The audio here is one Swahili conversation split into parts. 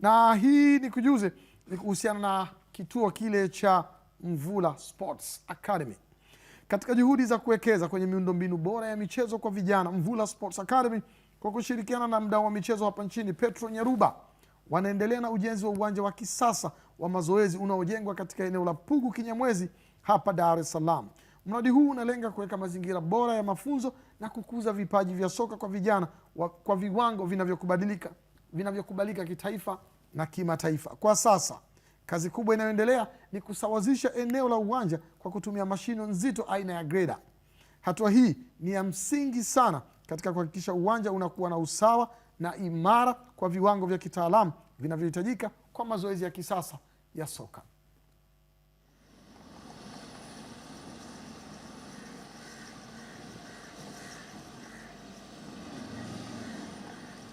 na hii ni kujuze ni kuhusiana na kituo kile cha Mvula Sports Academy. Katika juhudi za kuwekeza kwenye miundombinu bora ya michezo kwa vijana, Mvula Sports Academy kwa kushirikiana na mdao wa michezo hapa nchini Petro Nyaruba wanaendelea na ujenzi wa uwanja wa kisasa wa mazoezi unaojengwa katika eneo la Pugu Kinyamwezi hapa Dar es Salaam. Mradi huu unalenga kuweka mazingira bora ya mafunzo na kukuza vipaji vya soka kwa vijana wa, kwa viwango vinavyokubadilika vinavyokubalika kitaifa na kimataifa. Kwa sasa kazi kubwa inayoendelea ni kusawazisha eneo la uwanja kwa kutumia mashino nzito aina ya greda. Hatua hii ni ya msingi sana katika kuhakikisha uwanja unakuwa na usawa na imara kwa viwango vya kitaalamu vinavyohitajika kwa mazoezi ya kisasa ya soka.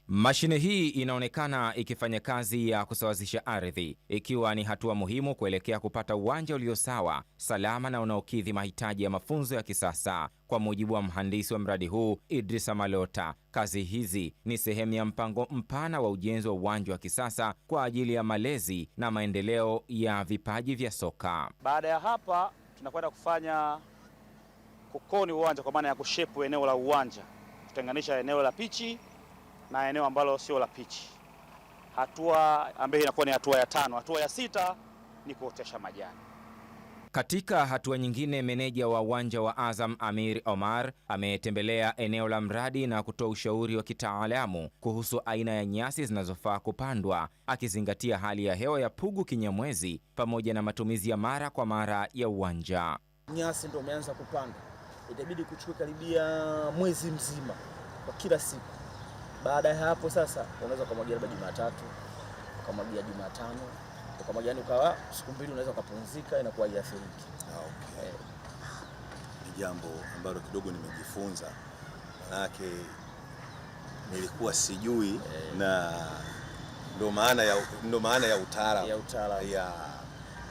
Mashine hii inaonekana ikifanya kazi ya kusawazisha ardhi, ikiwa ni hatua muhimu kuelekea kupata uwanja ulio sawa, salama na unaokidhi mahitaji ya mafunzo ya kisasa. Kwa mujibu wa mhandisi wa mradi huu Idrisa Malota, kazi hizi ni sehemu ya mpango mpana wa ujenzi wa uwanja wa kisasa kwa ajili ya malezi na maendeleo ya vipaji vya soka. Baada ya hapa, tunakwenda kufanya kukoni uwanja, kwa maana ya kushepu eneo la uwanja, kutenganisha eneo la pichi na eneo ambalo sio la pichi, hatua ambayo inakuwa ni hatua ya tano. Hatua ya sita ni kuotesha majani. Katika hatua nyingine, meneja wa uwanja wa Azam Amir Omar ametembelea eneo la mradi na kutoa ushauri wa kitaalamu kuhusu aina ya nyasi zinazofaa kupandwa akizingatia hali ya hewa ya Pugu Kinyamwezi pamoja na matumizi ya mara kwa mara ya uwanja. Nyasi ndio umeanza kupanda, itabidi kuchukua karibia mwezi mzima kwa kila siku baada ya hapo sasa unaweza ukamwagia labda Jumatatu, ukamwagia Jumatano, ukamwagia yani ukawa siku mbili unaweza ukapumzika, inakuwa haiathiriki. Ah, okay. Ni jambo ambalo kidogo nimejifunza, manake nilikuwa sijui eh. na ndo maana ya, ndo maana ya utaalamu ya utaalamu ya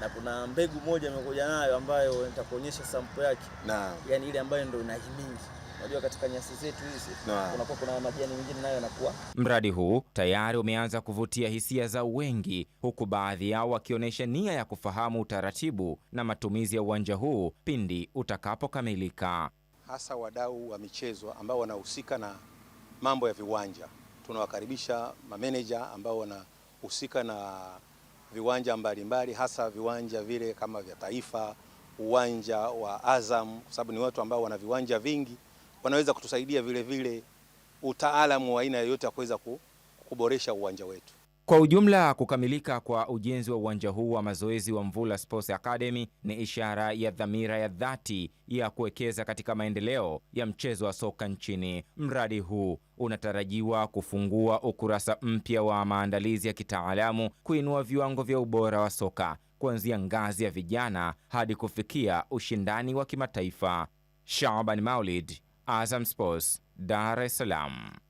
na kuna mbegu moja imekuja nayo ambayo nitakuonyesha sample yake naam. Yani ile ambayo ndio inahimili unajua katika nyasi zetu hizi kunakuwa kuna majani mengine nayo yanakuwa. Mradi huu tayari umeanza kuvutia hisia za wengi, huku baadhi yao wakionyesha nia ya kufahamu utaratibu na matumizi ya uwanja huu pindi utakapokamilika. Hasa wadau wa michezo ambao wanahusika na mambo ya viwanja, tunawakaribisha mameneja ambao wanahusika na viwanja mbalimbali mbali, hasa viwanja vile kama vya Taifa, uwanja wa Azam, kwa sababu ni watu ambao wana viwanja vingi, wanaweza kutusaidia vile vile utaalamu wa aina yoyote ya kuweza kuboresha uwanja wetu. Kwa ujumla, kukamilika kwa ujenzi wa uwanja huu wa mazoezi wa Mvula Sports Academy ni ishara ya dhamira ya dhati ya kuwekeza katika maendeleo ya mchezo wa soka nchini. Mradi huu unatarajiwa kufungua ukurasa mpya wa maandalizi ya kitaalamu, kuinua viwango vya ubora wa soka kuanzia ngazi ya vijana hadi kufikia ushindani wa kimataifa. Shaban Maulid, Azam Sports, Dar es Salaam.